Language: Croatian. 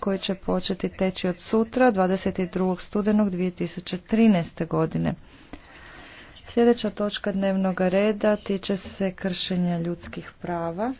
koji će početi teći od sutra 22. studenog 2013. godine. Sljedeća točka dnevnog reda tiče se kršenja ljudskih prava.